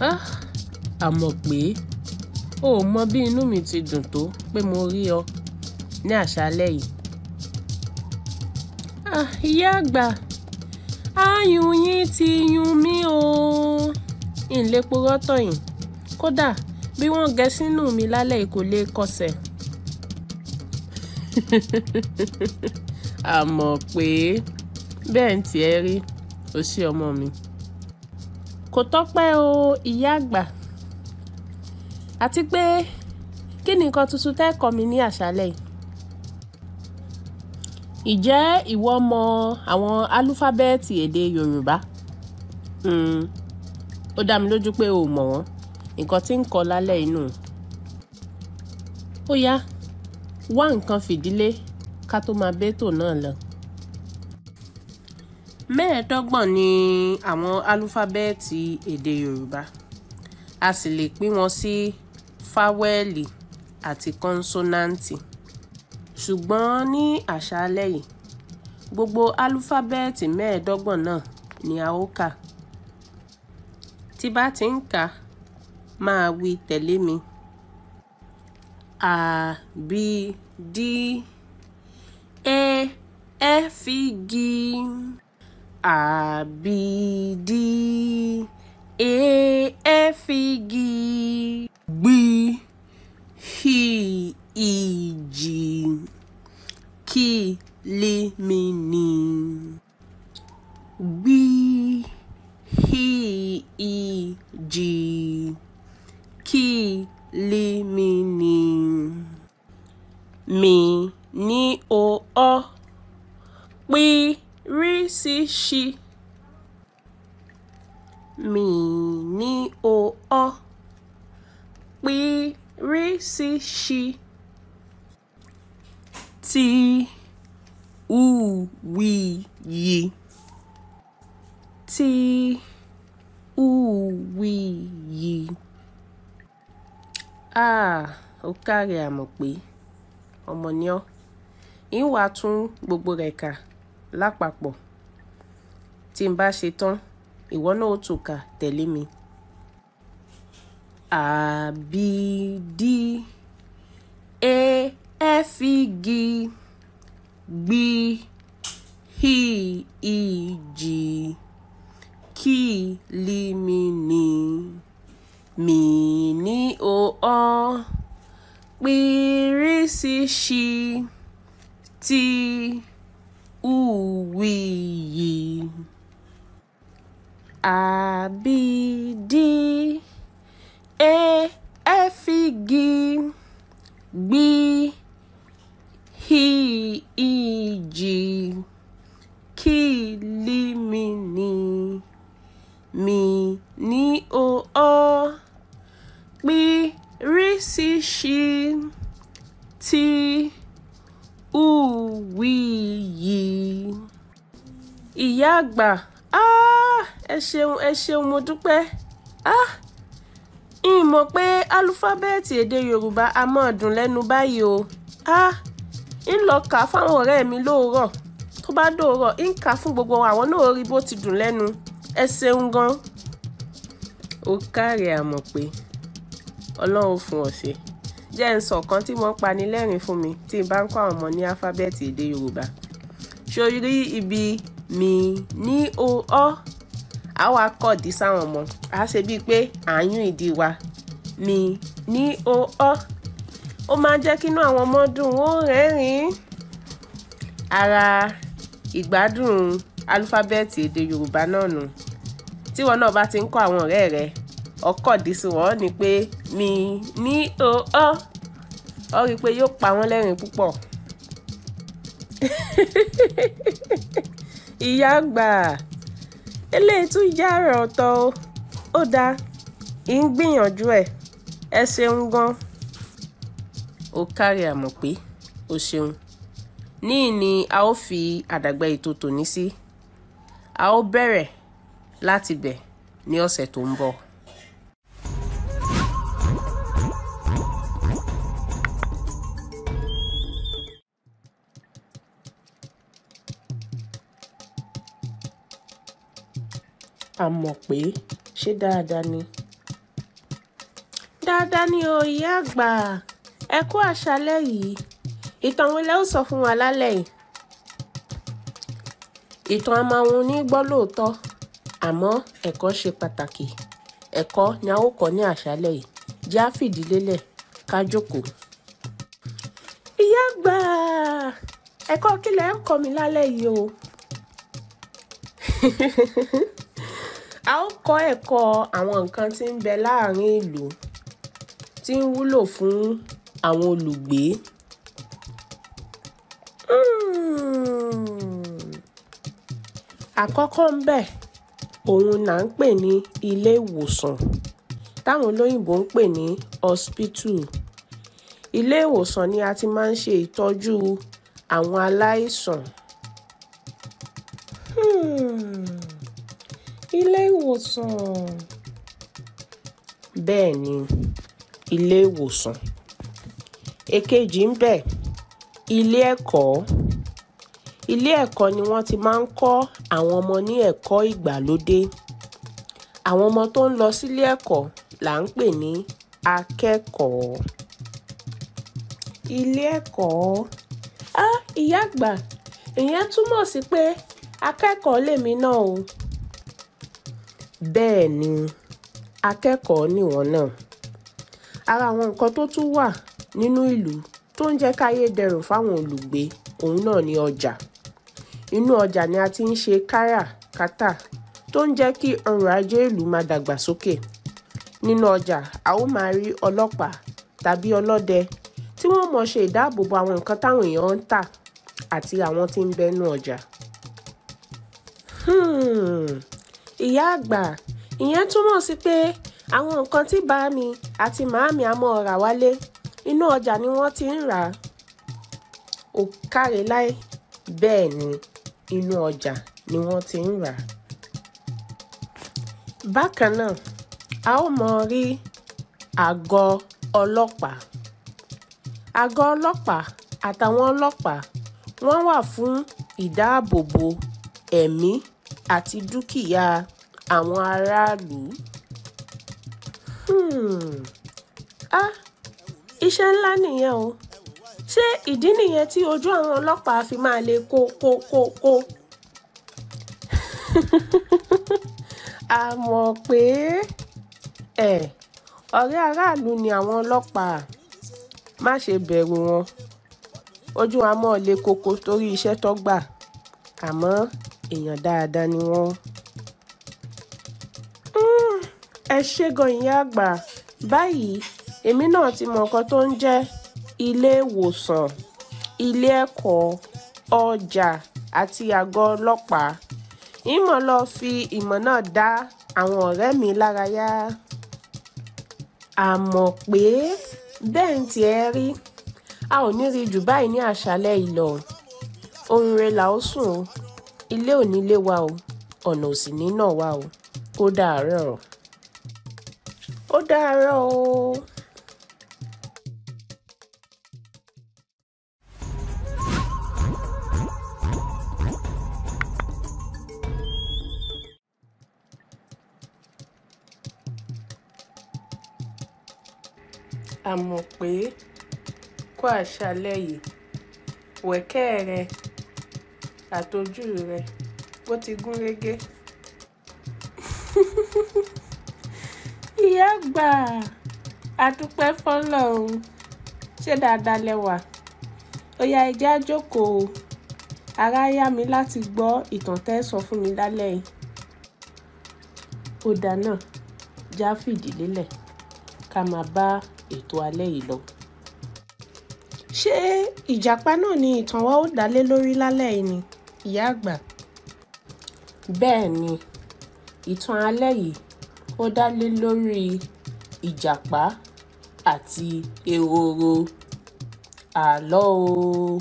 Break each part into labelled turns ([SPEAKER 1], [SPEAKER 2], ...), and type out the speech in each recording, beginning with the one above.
[SPEAKER 1] háà ah, àmọ̀ pé o ò mọ bí inú mi ti dùn tó pé mo rí ọ ní àṣálẹ́ yìí. Ah, ìyá àgbà ayùn yín ti yún mí o ìlépo rọ́tọ̀ yìí kódà bí wọ́n gẹ sínú mi lálẹ́ kò lè kọsẹ̀. àmọ̀ pé bẹ́ẹ̀ ń tiẹ̀ rí o sí ọmọ mi. Kò tọ́pẹ́ o ìyá àgbà. Àti pé kí ni nǹkan tuntun tẹ́ kọ́ mi ní àṣálẹ́ yìí? Ǹjẹ́ ìwọ mọ àwọn alúfábẹ́ẹ̀tì èdè Yorùbá? Hmm, ó dá mi lójú pé o mọ̀ wọ́n. Ǹkan tí ń kọ́ lálẹ́ yìí Ó yá, wá nǹkan fìdílé ká tó máa bé náà lọ mẹ́ẹ̀ẹ́dọ́gbọ̀n ni àwọn álúfábẹ́ẹ̀tì èdè yorùbá a sì lè pín wọn sí fáwẹ́ẹ̀lì àti kọ́ńsónáǹtì ṣùgbọ́n ní àṣálẹ́ yìí gbogbo álúfábẹ́ẹ̀tì mẹ́ẹ̀ẹ́dọ́gbọ̀n náà ni a ó kà tí bá ti ń kà máa wí tẹ̀lé mi a b d e f g. A A B D e, F e G G B H E K L M N B H E G K L M N M N o O pín rísíṣí mìíní-o-ọ́ pírísíṣí tìúwìyì tìúwìyì háà ó káre àmọ̀pé ọmọ ni ọ́ ń wàá tún gbogbo rẹ̀ kà lápapọ̀ tí n bá ṣe tán ìwọ náà ó tòkà tẹ̀lé mi. a b d A e, f E g B h E G k l m n m n o ọ p r s ṣ t. A B uwiyi abidi e G K L M N M N o R ọ pi risishi ti uwíyí. ìyá àgbà ah, ẹ ṣeun ẹ ṣeun mo dúpẹ́ n ah, mọ̀ pé álúfábẹ́ẹ̀tì èdè yorùbá a mọ̀ dùn lẹ́nu báyìí o n ah, lọ kà á fáwọn ọ̀rẹ́ mi lóòrọ̀ tó bá dòòrọ̀ n kà á fún gbogbo àwọn náà rí bó ti dùn lẹ́nu ẹ ṣeun gan. ó káre àmọ̀ pé ọlọ́run fún ọ jẹ́ ń kan tí wọ́n pani lẹ́rìn fún mi tí n bá ń kọ́ àwọn ọmọ ní alifábẹ́ẹ̀tì èdè yorùbá sórí ibi mi ní o ọ́ a wá kọ̀dí sáwọn ọmọ a ṣe bíi pé àáyún ìdí wa mi ní o ọ́ ó máa ń jẹ́ kínú àwọn ọmọ dùn ó rẹ́rìn-ín ara ìgbádùn alifábẹ́ẹ̀tì èdè yorùbá náà nù tíwọ náà bá ti ń kọ́ àwọn ọ̀rẹ́ rẹ ọkọ̀ dísìwọ́ ni pé mi ní o ọ́ ọ rí i pé yóò pa wọ́n lẹ́rìn púpọ̀ ìyá àgbà eléyìí tún yá àrà ọ̀tọ̀ o ó dáa ì ń gbìyànjú ẹ̀ ẹ ṣeun gan. ó kárí àmọ̀ pé o ṣeun níì ni a ó fi àdàgbà ètò tòní sí a ó bẹ̀rẹ̀ láti bẹ̀ ní ọ̀sẹ̀ tó ń bọ̀. a mọ̀ pé ṣé dáadáa ni. dáadáa ni o ìyá àgbà ẹ kú àṣálẹ́ yìí ìtàn wo lẹ ó sọ fún wa lálẹ́ yìí. ìtàn a máa wun ní gbọ́ lóòótọ́ àmọ́ ẹ̀kọ́ ṣe pàtàkì ẹ̀kọ́ ni a ó kọ́ ní àṣálẹ́ yìí já fìdí lélẹ̀ ká jókòó. ìyá àgbà ẹ̀kọ́ kí lẹ ń kọ́ mi lálẹ́ yìí o. a ó kọ́ ẹ̀kọ́ àwọn nǹkan tí ń bẹ láàárín ìlú tí ń wúlò fún àwọn olùgbé. Hmm. àkọ́kọ́ ń bẹ òun là ń pè ní ilé ìwòsàn táwọn olóyìnbó ń pè ní hospital ilé ìwòsàn ni a ti máa ń ṣe ìtọ́jú àwọn aláìsàn. Hmm. Ilé ìwòsàn. Bẹ́ẹ̀ni, ilé ìwòsàn. Èkejì ń bẹ, ilé ẹ̀kọ́. Ilé ẹ̀kọ́ ni wọ́n ti máa ń kọ́ àwọn ọmọ ní ẹ̀kọ́ ìgbàlódé. Àwọn ọmọ tó ń lọ sílé ẹ̀kọ́ là ń pè ní akẹ́kọ̀ọ́. Ilé ẹ̀kọ́. Á ah, ìyá àgbà, ìyẹn túmọ̀ sí pé akẹ́kọ̀ọ́ lèmi náà o bẹ́ẹ̀ ni akẹ́kọ̀ọ́ nìwọ náà ara àwọn nǹkan tó tún wà nínú ìlú tó ń jẹ́ káyé dẹrùn fáwọn olùgbé òun náà ni ọjà inú ọjà ni a ti ń ṣe káràkátà tó ń jẹ́ kí ọrọ̀ ajé ìlú máa dàgbà sókè nínú ọjà a ó máa rí ọlọ́pàá tàbí ọlọ́dẹ tí wọ́n mọ̀ ṣe ìdáàbòbò àwọn nǹkan táwọn èèyàn ń tà àti àwọn tí ń bẹ́nu ọjà. Hmm ìyá àgbà ìyẹn túmọ̀ sí pé àwọn nǹkan tí mi àti màámi àmọ́ rà wálé inú ọjà ni wọ́n ti ń rà á ò káre láì bẹ́ẹ̀ ni inú ọjà ni wọ́n ti ń rà á. bákan náà a ó mọ rí àgọ́ ọlọ́pàá àgọ́ ọlọ́pàá àtàwọn ọlọ́pàá wọ́n wà fún ìdáàbòbò ẹ̀mí àti dúkìá àwọn aráàlú. Hmm. Ah, iṣẹ́ ńlá nìyẹn o ṣé ìdí nìyẹn tí ojú àwọn ọlọ́pàá fi máa le kó kó kó kó. a mọ̀ pé ẹ ọ̀rẹ́ aráàlú ni àwọn ọlọ́pàá má ṣe bẹ̀rù wọn ojú wa mọ̀ le koko torí iṣẹ́ tó gbà àmọ́ èèyàn dáadáa ni wọ́n. Hmm, ẹ ṣé gan ìyá àgbà báyìí èmi náà ti mọ nǹkan tó ń jẹ́ ilé ìwòsàn ilé ẹ̀kọ́ ọjà àti àgọ́ ọlọ́pàá ìmọ̀ lọ fi ìmọ̀ náà dá àwọn ọ̀rẹ́ mi lárayá àmọ̀ pé bẹ́ẹ̀ ń tiẹ̀ rí a ò ní rí jù báyìí ní àṣálẹ́ ìlọ ohun rẹ̀ là ó sùn o. ilé ò nílé wa o ọ̀nà ò sì ní nà wa o ó dàárọ̀ o ó dàárọ̀ o. àmọ̀ pé kó àṣálẹ́ yìí wẹ̀kẹ́ rẹ àtọ́jú rẹ̀ bó ti gún régé. ìyá àgbà àdúpẹ́ fọ́lọ́run ṣé dáadáa lẹ́wà ó yá ẹ jẹ́ á jókòó ara yá mi láti gbọ́ ìtàn tẹ́ sọ fún mi lálẹ́ yìí ó dáná já fìdí lélẹ̀ ká máa bá ètò alẹ́ yìí lọ. ṣé ìjàpá náà ni ìtàn wa ó dálé lórí lálẹ́ yìí ni ìyá àgbà. bẹ́ẹ̀ ni ìtàn alẹ́ yìí ó dá lé lórí ìjàpá àti ehoro àlọ́ o.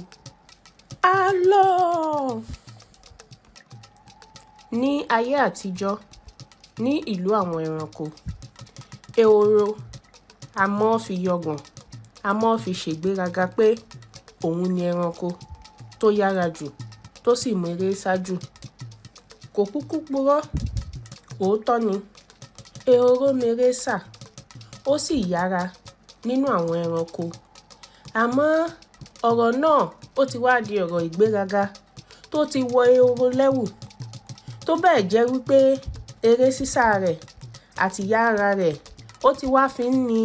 [SPEAKER 1] àlọ́. ní ayé àtijọ́ ní ìlú àwọn ẹranko ehoro a mọ́ fi yọgàn a mọ́ fi ṣègbéraga pé òun ni ẹranko tó yára jù tó sì mú eré ṣáájú kò kúkú purọ́ òótọ́ ni ehoro mèrè sà ó sì yára nínú àwọn ẹranko àmọ́ ọ̀rọ̀ náà ó ti wá di ọ̀rọ̀ ìgbéraga tó ti wọ ehoro lẹ́wù tó bẹ́ẹ̀ jẹ́ wípé eré sísá rẹ̀ àti yára rẹ̀ ó ti wá fi ń ni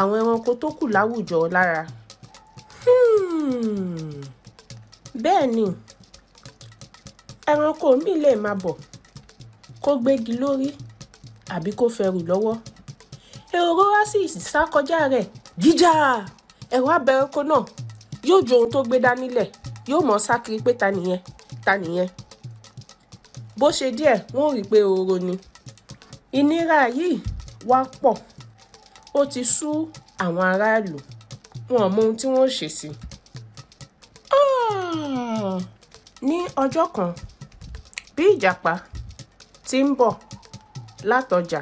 [SPEAKER 1] àwọn ẹranko tó kù láwùjọ lára. Hmm. bẹ́ẹ̀ ni ẹranko míì lè máa bọ̀ kó gbégi lórí àbí kó fẹrù lọ́wọ́ ehoro wá sì sá kọjá rẹ̀ jíjà ẹ̀rọ abẹ́rẹ́kọ náà yóò ju ohun tó gbé dání lẹ̀ yóò mọ̀ sá kiri pé ta nìyẹn ta nìyẹn bó ṣe díẹ̀ wọ́n rí i pé ehoro ni ìnira yìí wá pọ̀ ó ti sú àwọn aráàlú wọn mọ ohun tí wọ́n ṣe sí ní ọjọ́ kan bí ìjàpá ti ń bọ̀ látọjà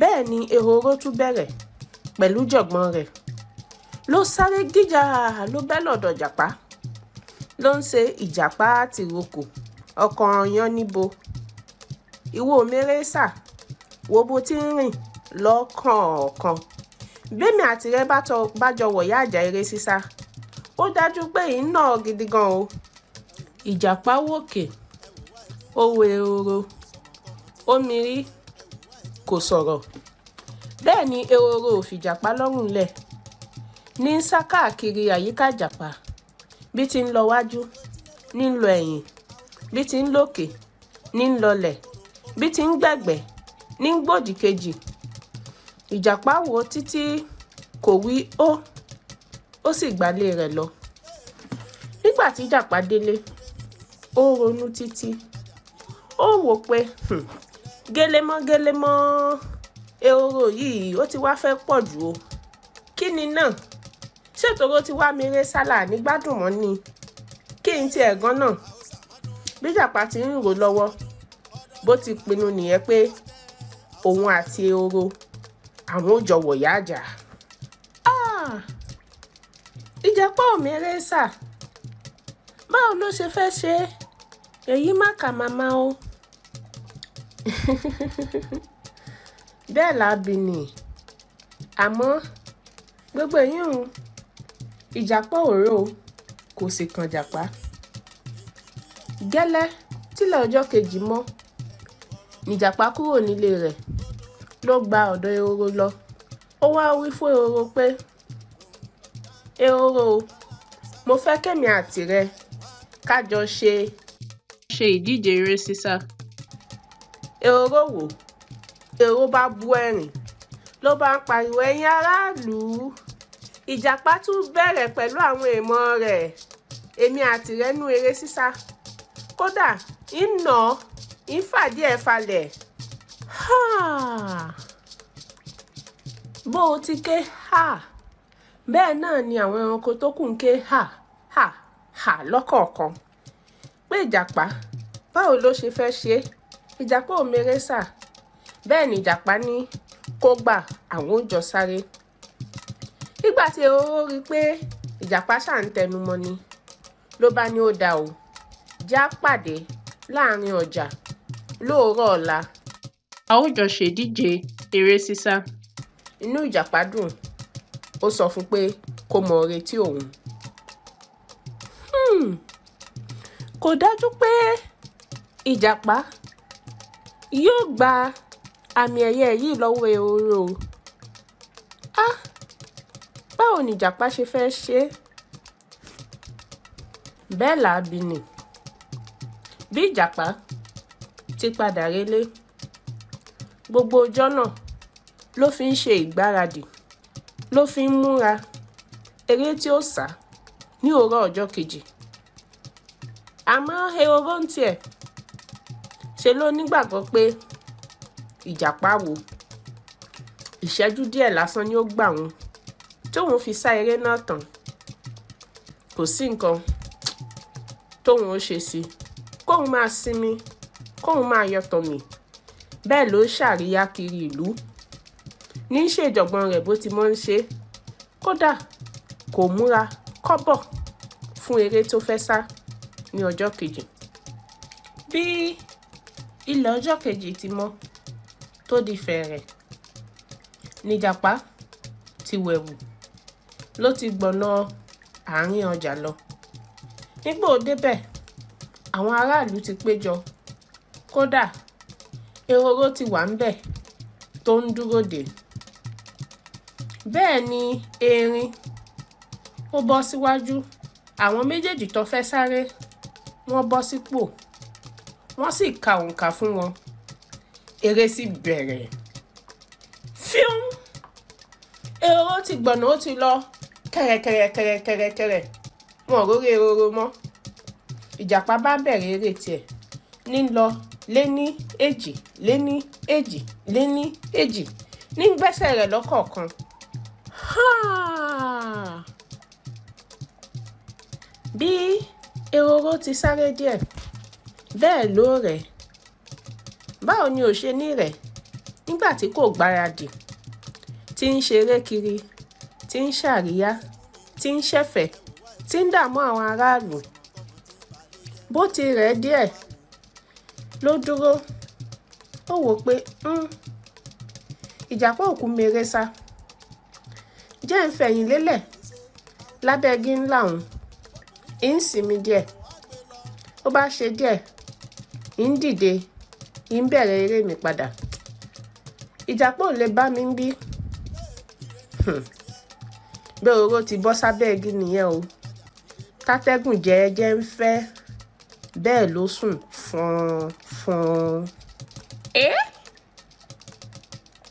[SPEAKER 1] bẹ́ẹ̀ ni ehoro tún bẹ̀rẹ̀ pẹ̀lú jọ̀gbọ́n rẹ̀ ló sáré gíjà ló bẹ́ lọ́dọ̀ jàpá ló ń ṣe ìjàpá tìrókò ọkàn yan níbo ìwo mérésà wo bó ti ń rìn lọ́kọ̀ọ̀kan bẹ́ẹ̀mi àti rẹ bá jọ wọ̀yá àjà eré sísá ó dájú pé ìyín gidi gan o ìjàpá wòkè. Okay ó weroro ó mirí kò sọ̀rọ̀ bẹ́ẹ̀ ni eoro ò fìjàpá lọ́rùn lẹ̀ ní ń sá káàkiri àyíká jàpá bí ti ń lọ wájú ní ń lọ ẹ̀yìn bí ti ń lókè ní ń lọlẹ̀ bí ti ń gbẹ̀gbẹ̀ ní ń gbòdì kejì ìjàpá wo títí kò wí ó ó sì re rẹ̀ lọ nígbà tí ìjàpá délé ó ronú títí ó wò pé hmm, gélémọ́ gélémọ́ ehoro yìí ó ti wá fẹ́ pọ̀ jù o kí ni náà ṣètòrò ti wá mi eré sálà nígbádùn mọ́ ni kí n tiẹ̀ gan náà bí Ìjàpá ti ń rò lọ́wọ́ bó ti pinnu nìyẹn pé òun àti ehoro àwọn ò jọ wọ̀yá àjà ah! Ìjàpá ò mi eré sà báwo ló ṣe fẹ́ ṣe é èyí má kà màmá o bẹ́ẹ̀ lábì nì àmọ́ gbogbo yín o ìjàpá òró kò sì kàn jàpá gẹ́lẹ́ tílẹ̀ ọjọ́ kejì mọ́ nìjàpá kúrò nílé rẹ̀ ló gba ọ̀dọ̀ ehoro lọ ó wá wí fún ehoro pé ehoro mo fẹ́ kẹ́mi àtìrẹ ká jọ ṣe ṣe ìdíje eré sísá. èrò wò èrò bá bu ẹ̀rín ló bá ń pariwo ẹ̀yin aráàlú ìjàpá tún bẹ̀rẹ̀ pẹ̀lú àwọn èèmọ̀ rẹ̀ èmi àtìrẹ́ nú eré sísá kódà ń nà án ń fàdí ẹ̀ falẹ̀ bó o ti ké ha bẹ́ẹ̀ náà ni àwọn ẹranko tó kù ń ké ha ha ha lọ́kọ̀ọ̀kan pé ìjàpá báwo ló ṣe fẹ́ ṣe ìjàpá ò mèrè sà bẹ́ẹ̀ ni ìjàpá ní kó gbà àwọn òjò sáré nígbà tí ehoro rí i pé ìjàpá ṣà ń tẹnumọ́ ni ló bá ní ó da o já pàdé láàrin ọjà lóòrọ̀ ọ̀la a ó jọ ṣèdíje eré sísá. inú ìjàpá dùn ó sọ fún pé kó mọ retí òun. Hmm kò dájú pé ìjàpá yóò gba àmì ẹ̀yẹ yìí lọ́wọ́ ehoro o á báwo ni ìjàpá ṣe fẹ́ ṣe é bẹ́ẹ̀ làábi nì bí ìjàpá ti padà relé gbogbo ọjọ́ náà ló fi ń ṣe ìgbáradì ló fi ń múra eré tí ó sá ní òórọ̀ ọjọ́ kejì àmọ́ ehoro ń tiẹ̀ ṣe ló nígbàgbọ́ pé ìjàpá wo ìṣẹ́jú díẹ̀ lásán ni ó gbà wọn tóun fi sá eré náà tán kò sí nǹkan tóun ó ṣe sí kóun máa sinmi kóun máa yọtọ̀ mì bẹ́ẹ̀ ló ṣàríyá kiri ìlú ní í ṣèjọ̀gbọ́n rẹ̀ bó ti mọ́ ń ṣe kódà kò múra kọ́bọ̀ fún eré tó fẹ́ sá ní ọjọ́ kejì bí ilẹ̀ ọjọ́ kejì ti mọ́ tó di fẹ̀rẹ̀ níjàpá ti wẹ̀wù ló ti gbọ̀nà àárín ọjà lọ nígbà ó débẹ̀ àwọn aráàlú ti péjọ kódà ehoro ti wà ńbẹ̀ tó ń dúró dè bẹ́ẹ̀ ni erin ó bọ́ síwájú àwọn méjèèjì tó fẹ́ sáré wọ́n bọ́ sípò wọ́n sì ka òǹkà fún wọn eré sì bẹ̀rẹ̀ fíún ehoro ti gbọ̀nà ó ti lọ kẹ̀rẹ̀kẹ̀rẹ̀kẹ̀rẹ̀kẹ̀rẹ̀ wọn ò rórí ehoro mọ́ ìjàpá bá bẹ̀rẹ̀ eré tiẹ̀ ní lọ léní èjì léní èjì léní èjì ní gbẹ́sẹ̀ rẹ̀ lọ́kọ̀ọ̀kan bí ehoro ti sáré díẹ̀ bẹ́ẹ̀ ló rẹ̀ báwo ni ò ṣe ní rẹ̀ nígbà tí kò gbáradì tí ń ṣeré kiri tí ń ṣàríyá tí ń ṣẹ̀fẹ̀ tí ń dààmú àwọn aráàlú bó ti rẹ̀ díẹ̀ ló dúró ó wò pé ìjàpá òkú mere sá jẹ́ ń fẹ̀yìn lélẹ̀ lábẹ́ ńlá òun ń sinmi díẹ̀ ó bá ṣe díẹ̀ ń dìde ń bẹ̀rẹ̀ eré mi padà ìjàpọ̀ lè bá mi ń bí hmm. bí òróró ti bọ́ sábẹ́ igi nìyẹn o tátẹ́gùn jẹ́ẹ́jẹ́ ń fẹ́ bẹ́ẹ̀ ló sùn fọ́n fọ́n. ẹ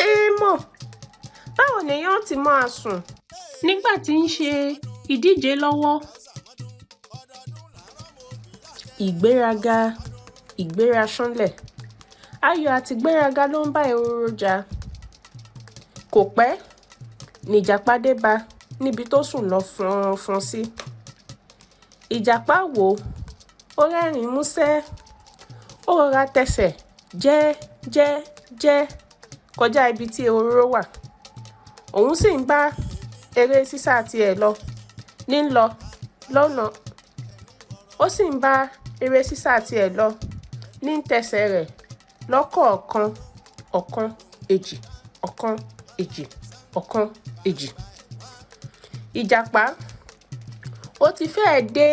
[SPEAKER 1] ẹ mọ̀ báwo lèèyàn ti máa sùn nígbà tí ń ṣe ìdíje lọ́wọ́ ìgbéraga ìgbéraṣánlẹ̀ ayọ̀ àti ìgbéraga ló ń bá ehoro jà kò pẹ́ níjàpá dé bá níbi tó sùn lọ fọnfọn sí ìjàpá wò ó rẹ́rìn-ín músẹ́ ó rọra tẹsẹ̀ jẹ́ jẹ́ jẹ́ kọjá ibi tí ehoro wà òun sì ń bá eré sísá tiẹ̀ lọ ní lọ lọ́nà ó sì ń bá eré sísá tiẹ̀ lọ ní tẹsẹ̀ rẹ̀ lọ́kọ̀ọ̀kan ọ̀kan èjì ọ̀kan èjì ọ̀kan èjì. ìjàpá ó ti fẹ́ẹ̀ dé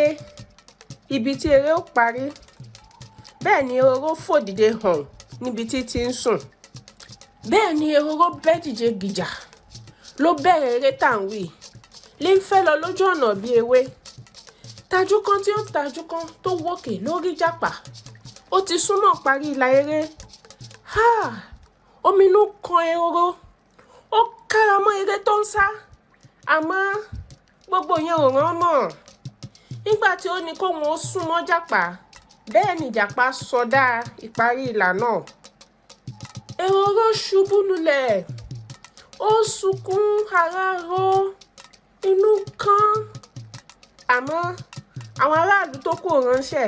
[SPEAKER 1] ibi tí eré ó parí bẹ́ẹ̀ ni ehoro fò dìde hàn níbi tí ti ń sùn bẹ́ẹ̀ ni ehoro bẹ́ dìde gìjà ló bẹ̀rẹ̀ eré tàǹwì lè ń fẹ́ lọ lójú ọ̀nà bíi ewé tajú kan tí ó ń tajú kan tó wòkè lórí jàpá ó ti súnmọ́ parí ìlà eré ominú kan ehoro ó kára mọ́ eré tó ń sá àmọ́ gbogbo yẹn ò rán mọ́ nígbà tí ó ní kóun ó súnmọ́ jàpá bẹ́ẹ̀ ni jàpá sọdá ìparí ìlà náà ehoro ṣubú lulẹ̀ ó sunkún ara ro inú kan àmọ́ àwọn aráàlú tó kò ránṣẹ́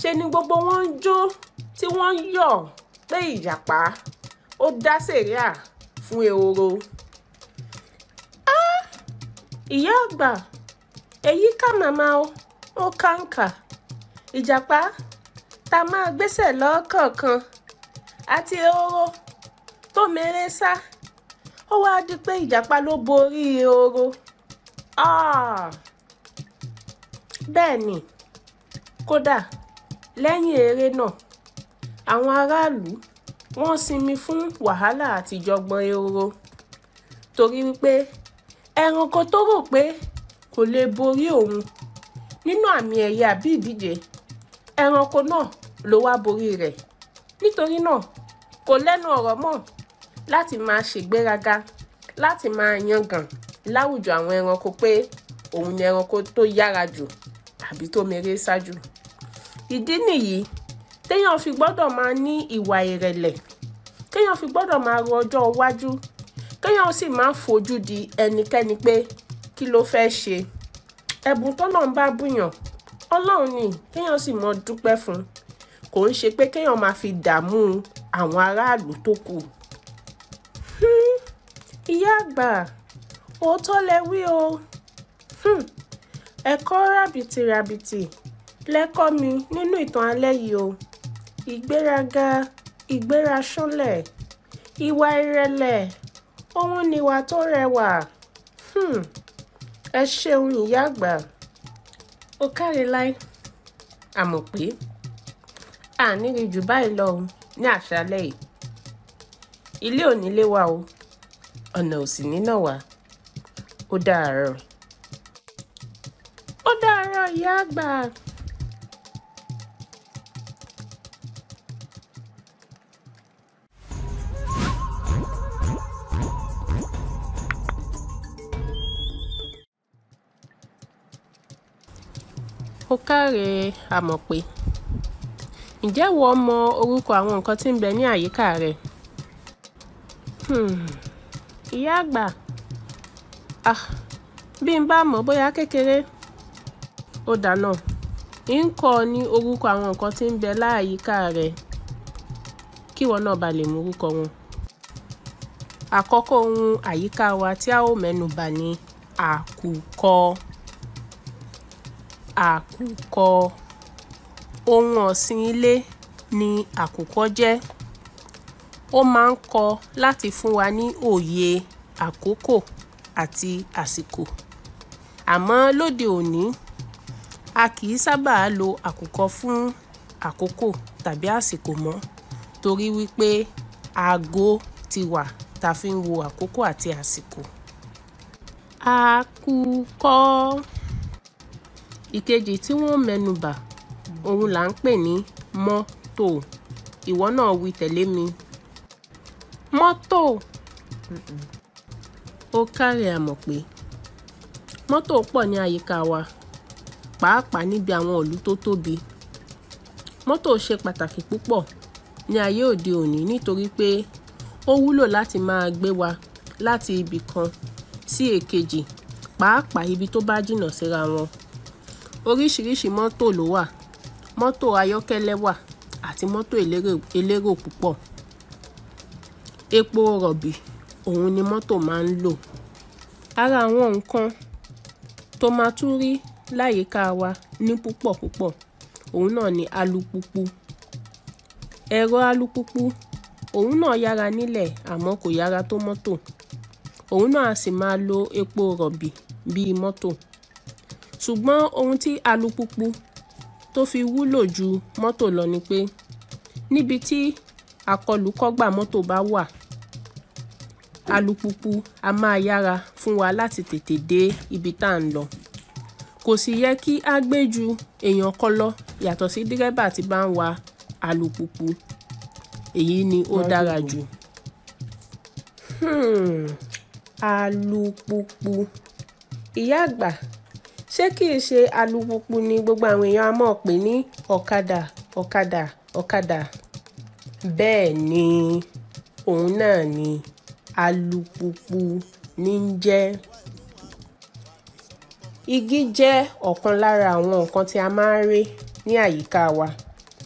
[SPEAKER 1] ṣe ni gbogbo wọn ń jó tí wọ́n ń yọ̀ pé ìjàpá ó dá sẹ̀ríà fún ehoro. Ah! ìyá àgbà èyí ká màmá o ó kàǹkà ìjàpá tá máa gbéṣẹ̀ lọ́kọ̀ọ̀kan àti ehoro tó mèrè sá ó wáá di pé ìjàpá ló borí ehoro. Ah bẹ́ẹ̀ ni kódà lẹ́yìn eré náà àwọn aráàlú wọ́n sinmi fún wàhálà àtijọ́gbọ́n ehoro torí wípé ẹranko tó rò pé kò lè borí òun nínú àmì ẹ̀yẹ àbí ìdíje ẹranko náà ló wá borí rẹ̀ nítorí náà kò lẹ́nu ọ̀rọ̀ mọ́ láti máa ṣègbéraga láti máa yangàn láwùjọ àwọn ẹranko pé òun ni ẹranko tó yára jù àbí tó mèrè ṣáájú ìdí nìyí téèyàn fi gbọ́dọ̀ máa ní ìwà ìrẹ̀lẹ̀ kéèyàn fi gbọ́dọ̀ máa ro ọjọ́ iwájú kéèyàn sì máa fojú di ẹnikẹ́ni pé kí ló fẹ́ ṣe ẹ̀bùn tọ́lọ́run bá bùyàn ọlọ́run ni kéèyàn sì mọ dúpẹ́ fún kò ń ṣe pé kéèyàn máa fi dààmú àwọn aráàlú tó kù. Hmm, ìyá àgbà òótọ́ lẹ wí o. Hmm ẹ̀kọ́ ràbìtìràbìtì lẹ kọ́ mi nínú ìtàn alẹ́ yìí o ìgbéraga ìgbéraṣánlẹ̀ ìwà ìrẹ̀lẹ̀ òun nìwà tó rẹwà um ẹ ṣeun ìyá àgbà ó káre láì àmọ̀ pé àní rí jù báyìí lọ ní àṣálẹ́ yìí ilé ò nílé wa o ọ̀nà ò sì ní nà wá ó dáa rọ̀. Ó dàárọ̀ ìyá àgbà. ó káre pé ǹjẹ́ ìwọ mọ orúkọ àwọn nǹkan tí ń bẹ ní àyíká rẹ? Hmm, ìyá àgbà ah bí n bá mọ̀ bóyá kékeré ó dáná ń kọ́ ọ ní orúkọ àwọn nǹkan tí ń bẹ láàyíká rẹ kíwọ náà ba lè mú orúkọ wọn. àkọ́kọ́ ohun àyíká wa tí a ó mẹ́nu bà ní àkùkọ àkùkọ ohun ọ̀sìn ilé ni àkùkọ jẹ́ ó máa ń kọ láti fún wa ní òye àkókò àti àsìkò àmọ́ lóde òní a kì í sábà lo àkùkọ fún àkókò tàbí àsìkò mọ́ torí wípé aago ti wà tá a fi ń wo àkókò àti àsìkò. Àkùkọ ìkejì tí wọ́n mẹ́nubà òun là ń pè ní mọ́tò ìwọ náà wí tẹ̀lé mi mọ́tò ó káre àmọ̀ pé mọ́tò pọ̀ ní àyíká wa pàápàá níbi àwọn ìlú tó tóbi. Mọ́tò ṣe pàtàkì púpọ̀ ní ayé òde òní nítorí pé ó wúlò láti máa gbé wa láti ibì kan sí èkejì pàápàá ibi tó bá jìnnà síra wọn. Oríṣiríṣi mọ́tò ló wà, mọ́tò ayọ́kẹ́lẹ́ wà àti mọ́tò elérò púpọ̀. Epo rọ̀bì òhun ni mọ́tò máa ń lò. Ara àwọn nǹkan tó máa tún rí láyìíká wa ní púpọ̀ púpọ̀ òun náà ni alùpùpù ẹ̀rọ alùpùpù òun náà yára nílẹ̀ àmọ́ kò yára tó mọ́tò òun náà a sì máa lo epo rọ̀bì bíi mọ́tò ṣùgbọ́n ohun tí alùpùpù tó fi wúlò ju mọ́tò lọ ni pé níbi tí àkọlùkọ́gbà mọ́tò bá wà alùpùpù a máa yára fún wa láti tètè dé ibi tá à ń lọ kò sì yẹ kí a gbé ju èèyàn kan lọ yàtọ̀ sí dírẹ́bà tí bá ń wa alùpùpù èyí ni ó dára jù. Hmm, alùpùpù ìyá àgbà ṣé kì í ṣe alùpùpù ni gbogbo àwọn èèyàn á mọ̀ pé ní ọ̀kadà ọ̀kadà ọ̀kadà bẹ́ẹ̀ ni òun náà ni alùpùpù ní ń jẹ́. Igi jẹ́ ọ̀kan lára àwọn nǹkan tí a máa ń rí ní àyíká wa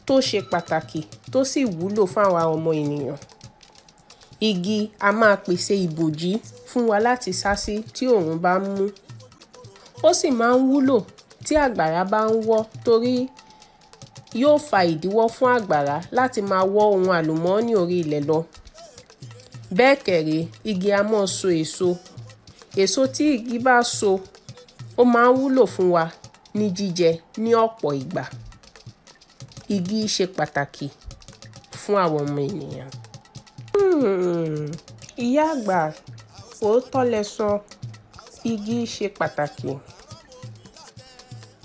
[SPEAKER 1] tó ṣe pàtàkì tó sì wúlò fún àwa ọmọ ènìyàn. Igi a máa pèsè ìbòjí fún wa láti sá sí tí oòrùn bá ń mú. Ó sì máa ń wúlò tí àgbàrá bá ń wọ́ torí yóò fa ìdíwọ́ fún àgbàrá láti máa wọ́ ohun àlùmọ́ọ́nì orí ilẹ̀ lọ. Bẹ́ẹ̀ kẹ̀ré, igi a máa so èso. Èso tí igi bá so ó máa ń wúlò fún wa ní jíjẹ ní ọ̀pọ̀ ìgbà. Igi ṣe pàtàkì fún àwọn ọmọ ènìyàn. Hmm, ìyá àgbà òótọ́ lẹ sọ igi ṣe pàtàkì.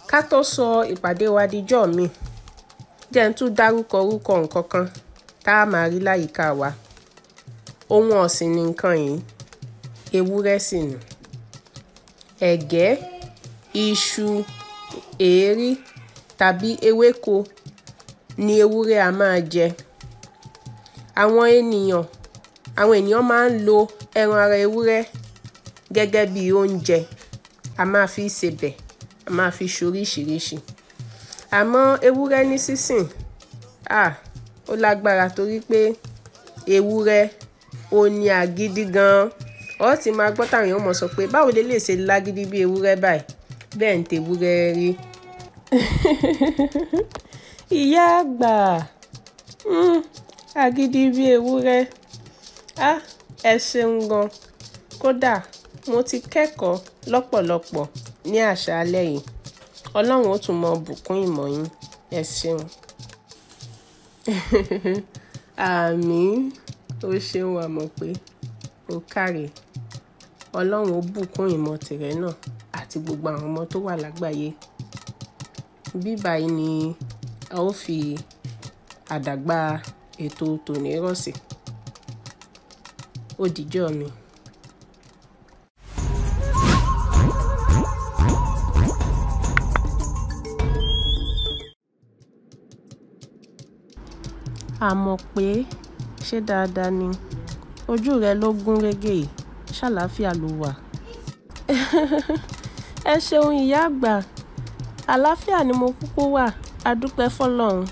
[SPEAKER 1] Ká tó sọ ìpàdé wa dijọ́ mi jẹ́ n tún dárúkọ orúkọ nǹkan kan tá a máa rí láyìíká wa. Ohun ọ̀sìn ni nǹkan yìí ewúrẹ́ sì ni ẹ̀gẹ́ Iṣu, èérí tàbí ewéko ni ewúrẹ́ á máa jẹ. Àwọn ènìyàn àwọn ènìyàn máa ń lo ẹran ara ewúrẹ́ gẹ́gẹ́ bí oúnjẹ. A máa fi sebẹ̀, a máa fi ṣoríṣiríṣi. Àmọ́ ewúrẹ́ ní sísìn, à, ó lágbára torí pé ewúrẹ́ ó ní agídí gan-an. Ó ti máa gbọ́ táwọn èèyàn ó sọ pé, báwo lé léyìí ṣe lágídí bí ewúrẹ́ báyìí? bẹ́ẹ̀ ń tewúrẹ́ rí. ìyá àgbà hmm, agídí bíi ewúrẹ́ ah ẹ ṣeun gan kódà mo ti kẹ́kọ̀ọ́ lọ́pọ̀lọpọ̀ ní àṣálẹ́ yìí ọlọ́run ó tún mọ bùkún ìmọ̀ yín ẹ ṣeun. àmín ó ṣeun àmọ̀ pé ó káre ọlọ́run ó bùkún ìmọ̀ tìrẹ náà àti gbogbo àwọn ọmọ tó wà lágbàáyé bí báyìí ni a ó fi àdàgbà ètò tòní rọ̀ sí ó dìjọ́ mi. àmọ̀ pé ṣé dáadáa ni ojú rẹ ló gún régé yìí ṣàlàáfíà ló wà. ẹ ṣeun ìyá àgbà àlàáfíà ni mo kúkú wà á dúpẹ́ fọlọ́run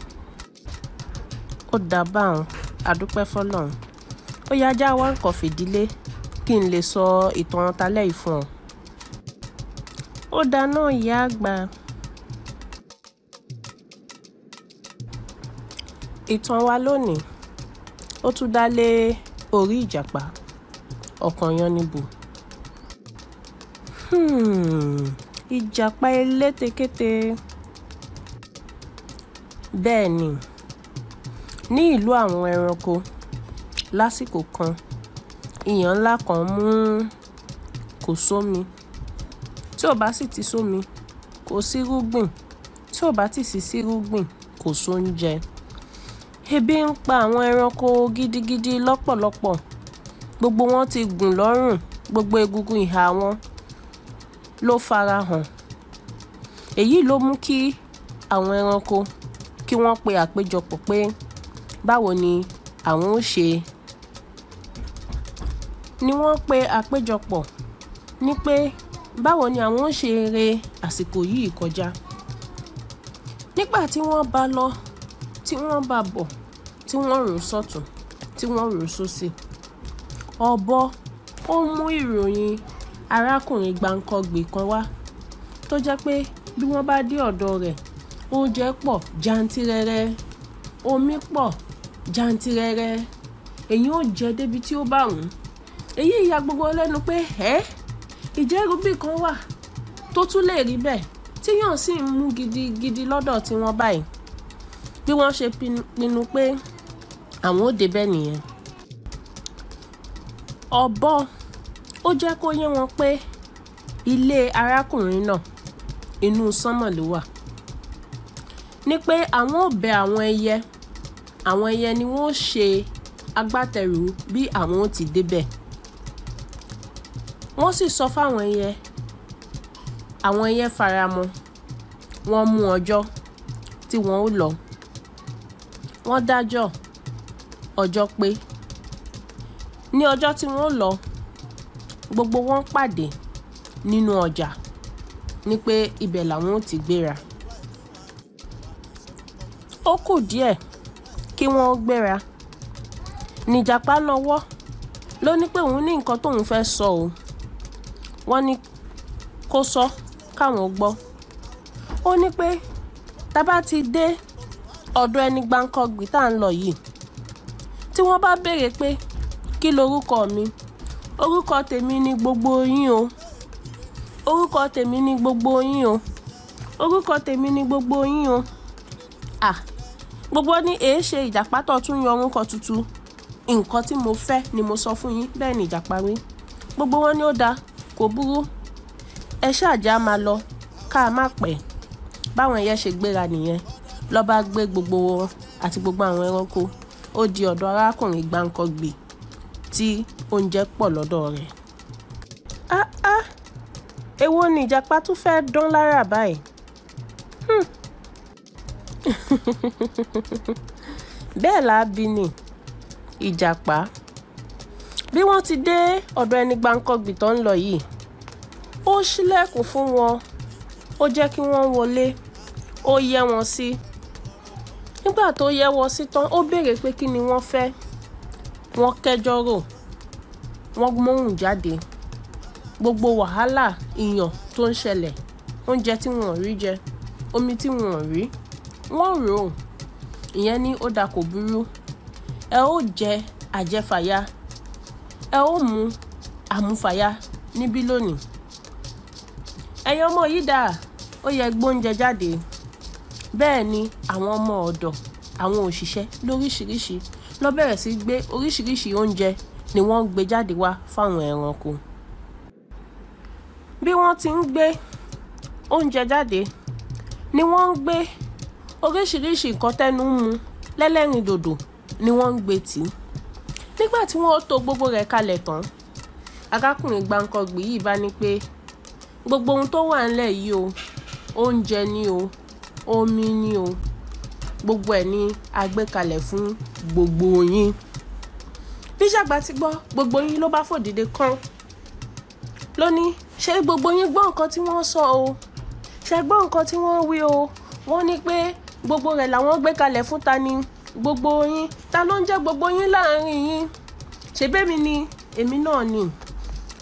[SPEAKER 1] ó dábàáhùn á dúpẹ́ fọlọ́run ó yá já wá nǹkan fìdílé kí n lè sọ ìtàn talẹ́ yìí fún ọ. ó dáná ìyá àgbà. ìtàn wa lónìí ó tún dá lé orí ìjàpá ọ̀kànyánníbo. Hmm. ìjàpá elétekéte bẹ́ẹ̀ ni ní ìlú àwọn ẹranko lásìkò kan ìyàn ńlá kan mú kò sómi tí ò bá sì ti sómi kò sírúgbìn tí ò bá ti sì sírúgbìn kò sóúnjẹ ebi ń pa àwọn ẹranko gidigidi lọ́pọ̀lọpọ̀ gbogbo wọn ti gùn lọ́rùn gbogbo egungun ìhà wọn ló fara hàn èyí ló mú kí àwọn ẹranko kí wọ́n pe àpéjọpọ̀ pé báwo ni àwọn ó ṣe ni wọ́n pe àpéjọpọ̀ ní pé báwo ni àwọn ó ṣe re àsìkò yìí kọjá nígbà tí wọ́n bá lọ tí wọ́n bá bọ̀ tí wọ́n rò sọ́tún tí wọ́n rò sósì ọ̀bọ ó mú ìròyìn arákùnrin gbáǹkọgbé kan wá tó jẹ́ pé bí wọ́n bá dé ọ̀dọ̀ rẹ̀ oúnjẹ pọ̀ jantirẹrẹ omi pọ̀ jantirẹrẹ èyí ò jẹ débi tí ó bá wùn èyí ya gbogbo lẹ́nu pé ẹ́ ìjẹ́rùbí kan wà tó tún lè rí bẹ́ẹ̀ tíyàn sì ń mú gidigidi lọ́dọ̀ tí wọ́n báyìí bí wọ́n ṣe pinnu pé àwọn ò débẹ̀ nìyẹn ọ̀bọ ó jẹ́ kó yé wọn pé ilé arákùnrin náà inú sánmọ̀ ló wà ní pé àwọn ò bẹ àwọn ẹyẹ àwọn ẹyẹ ni wọ́n ṣe agbátẹrù bí àwọn ò ti débẹ̀ wọ́n sì sọ fáwọn ẹyẹ àwọn ẹyẹ faramọ́ wọ́n mú ọjọ́ tí wọ́n ó lọ wọ́n dájọ́ ọjọ́ pé ní ọjọ́ tí wọ́n ó lọ gbogbo wọn pàdé nínú ọjà ni pé ibẹ̀ làwọn ò ti gbéra ó kù díẹ̀ kí wọ́n ó gbéra nìjàpá lọ́wọ́ ló ní pé òun ní nǹkan tóun fẹ́ sọ o wọ́n ní kó sọ káwọn gbọ́ ó ní pé tá bá ti dé ọ̀dọ̀ ẹni gbàǹkọ̀gbì tá à ń lọ yìí tí wọ́n bá béèrè pé kí lorúkọ mi orúkọ tèmi ni gbogbo yín o orúkọ tèmi ni gbogbo yín o orúkọ tèmi ni gbogbo yín o à gbogbo ní èé ṣe ìjàpá tún yan orúkọ tuntun nǹkan tí mo fẹ́ ni mo sọ fún yín bẹ́ẹ̀ ni ìjàpá wí gbogbo wọn ni ó da kò burú ẹ ṣáàjá máa lọ ká má pẹ́ báwọn ẹyẹ ṣe gbéra nìyẹn ló bá gbé gbogbo wọn àti gbogbo àwọn ẹranko ó di ọ̀dọ̀ arákùnrin gbáǹkọ́gbè tí oúnjẹ pọ̀ lọ́dọ̀ rẹ̀. ah ah èwo ni ìjàpá tún fẹ́ dán lára báyìí. Hmm. bẹ́ẹ̀ la bí ni ìjàpá bí wọ́n ti dé ọ̀dọ̀ ẹni gbàǹkangbì tó ń lọ yìí ó ṣílẹ̀kùn fún wọn ó jẹ́ kí wọ́n wọlé ó yẹ́ wọn sí nígbà tó yẹ́ wọn sí tán ó béèrè pé kí ni wọ́n fẹ́ wọ́n kẹ́jọ́rò wọ́n móhùn jáde gbogbo wàhálà iyàn tó ń ṣẹlẹ̀ oúnjẹ tí wọn ò rí jẹ omi tí wọn ò rí wọ́n rò ó ìyẹn ní ó dà kò burú ẹ ó jẹ àjẹfàyà ẹ ó mu àmúfàyà níbí lónìí ẹ̀yin ọmọ yìí dà ó yẹ gbóúnjẹ jáde bẹ́ẹ̀ ni àwọn ọmọ ọ̀dọ̀ àwọn òṣìṣẹ́ lóríṣiríṣi ló bẹ̀rẹ̀ sí gbé oríṣiríṣi oúnjẹ ni wọ́n ń gbé jáde wá fáwọn ẹranko bí wọ́n ti ń gbé oúnjẹ jáde ni wọ́n ń gbé oríṣiríṣi nǹkan tẹ́nu mu lẹ́lẹ́rìn dòdò ni wọ́n ń gbé tì í nígbà tí wọ́n tò gbogbo rẹ̀ kalẹ̀ tán arákùnrin gbàǹkangbì yìí bá ní pé gbogbo ohun tó wà ńlẹ̀ yìí o oúnjẹ ni o omi ni o gbogbo ẹ̀ ni a gbé kalẹ̀ fún gbogbo yín bí Ṣàgbà ti gbọ́ gbogbo yín ló bá fòdìdè kan ló ní ṣé gbogbo yín gbọ́ nǹkan tí wọ́n sọ o ṣe gbọ́ nǹkan tí wọ́n wí o wọ́n ní pé gbogbo rẹ̀ làwọn gbé kalẹ̀ fún ta ni gbogbo yín ta ló ń jẹ́ gbogbo yín láàrin yín ṣèbẹ́mi ni èmi náà ni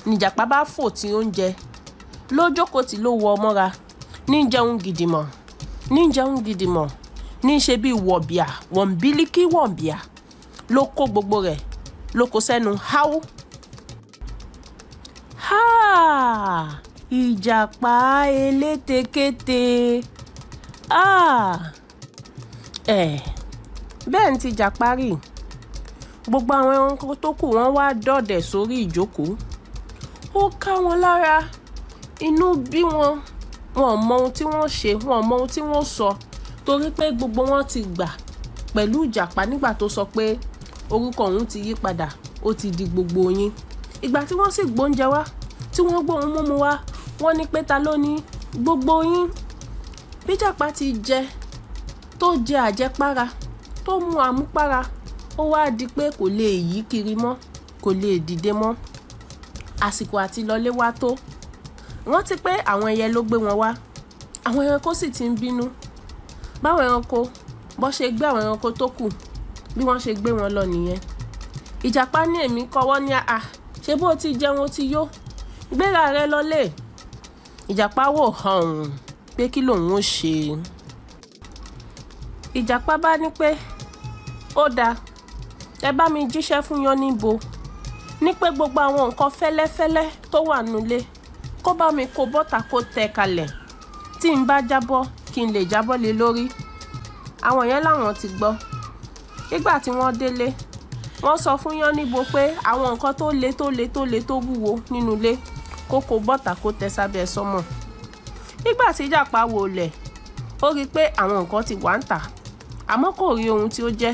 [SPEAKER 1] nìjàpá bá fò tí oúnjẹ lójókòó tí ló wọ ọmọra ní jẹun gidi mọ̀ ní jẹun gidi mọ̀ níṣe bíi wọ̀bìà wọ̀nbílíkì wọ̀nbìà ló kó gbogbo rẹ̀ ló kó sẹ́nu háú. ìjàpá elétekéte ẹ̀ bẹ́ẹ̀ ń ti jà parí gbogbo àwọn ẹranko tó kù wọ́n wá dọ̀dẹ̀ sórí ìjókòó ó ká wọn lára inú bí wọn wọn mọ ohun tí wọ́n ṣe wọn mọ ohun tí wọ́n sọ. So torí pé gbogbo wọn ti gbà pẹ̀lú ìjàpá nígbà tó sọ pé orúkọ òun ti yí padà ó ti di gbogbo yín ìgbà tí wọ́n sì gbóúnjẹ wá tí wọ́n gbóhun múmu wá wọ́n ní pé ta ló ní gbogbo yín bíjàpá ti jẹ tó jẹ àjẹpára tó mu àmupara ó wáá di pé kò lè yí kiri mọ́ kò lè dìde mọ́ àsìkò àti lọlé wá tó rántí pé àwọn ẹyẹ ló gbé wọn wá àwọn ẹranko sì ti ń bínú báwọn ẹranko bó ṣe gbé àwọn ẹranko tó kù bí wọ́n ṣe gbé wọn lọ nìyẹn ìjàpá ní èmi kọ́wọ́ ní àá ṣe bó ti jẹun ti yó gbéra rẹ lọlé ìjàpá wò hàn pé kí lòun ó ṣe ìjàpá bá ní pé ó dáa ẹ bá mi jíṣẹ́ fún yan níbo ní pé gbogbo àwọn nǹkan fẹ́lẹ́fẹ́lẹ́ tó wà nulẹ̀ kó bá mi kó bọ́ta kó tẹ̀ kalẹ̀ tí n bá jábọ́ kí n lè jábọ́ lé lórí àwọn yẹn làwọn ti gbọ́ nígbà tí wọ́n délé wọ́n sọ fún Yánníbo pé àwọn nǹkan tó le tó le tó le tó wúwo nínú ilé kó kó bọ́tà kó tẹ sábẹ́ sọ́mọ̀ nígbà tí Ìjàpá wò lẹ̀ ó rí i pé àwọn nǹkan ti wà ń tà àmọ́ kò rí ohun tí ó jẹ́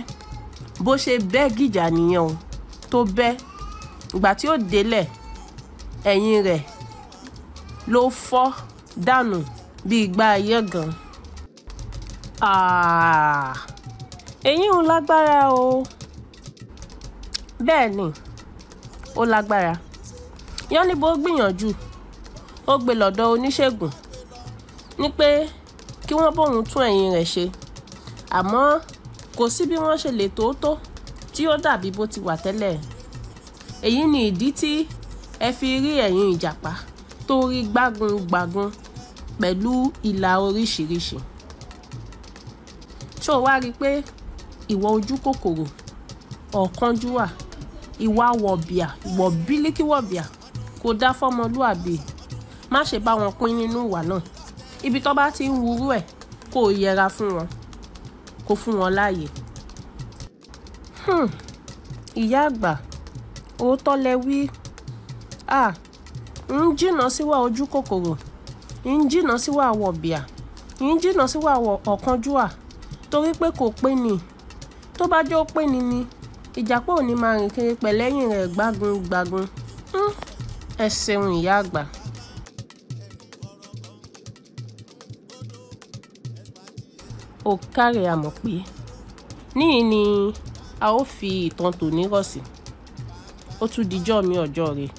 [SPEAKER 1] bó ṣe bẹ́ gìjà nìyẹn o tó bẹ́ ìgbà tí ó délẹ̀ ẹ̀yìn rẹ̀ ló fọ́ dànù bíi igba ayé gan-an àà ah, eyín ò lágbára o bẹ́ẹ̀ ni ó lágbára Yánníbo gbìyànjú ó gbé lọ́dọ̀ oníṣègùn ni pé kí wọ́n bóun tún ẹ̀yìn rẹ̀ ṣe àmọ́ kò sí bí wọ́n ṣe lè tóótó tí ó dàbí bó ti wà tẹ́lẹ̀ èyí ni ìdí tí ẹ fi rí ẹ̀yìn ìjàpá tó rí gbágungbàgun pẹ̀lú ìlà oríṣiríṣi ṣó o wá rí i pé ìwọ ojú kòkòrò ọ̀kánjúwà ìwà wọ̀bìà ìwọ̀ bílíkì wọ̀bìà kò dá fọ́mọlúàbí má ṣe bá wọn pín nínú ìwà náà ibi tó bá ti ń wúrú ẹ̀ kó o yẹra fún wọn kó fún wọn láàyè. Hmm, ìyá àgbà òótọ́ lẹ wí à ń jìnnà síwá ojú kòkòrò ń jìnnà síwá wọ̀bìà ń jìnnà síwá ọ̀kánjúwà torí pé kò pé ni tó bá jọ pé ni ni ìjàpá ò ní máa rìn kiri pẹ̀lẹ́yìn rẹ̀ gbágun gbágun ẹ ṣeun ìyá àgbà. ó káre àmọ̀ pé níyì ni a ó fi ìtàn tòní rọ̀ sí ó tún dijọ́ mi ọjọ́ rẹ̀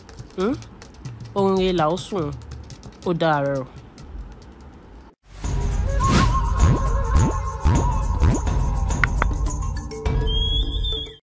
[SPEAKER 1] òun rẹ̀ là ó sùn ó dáa rọ̀.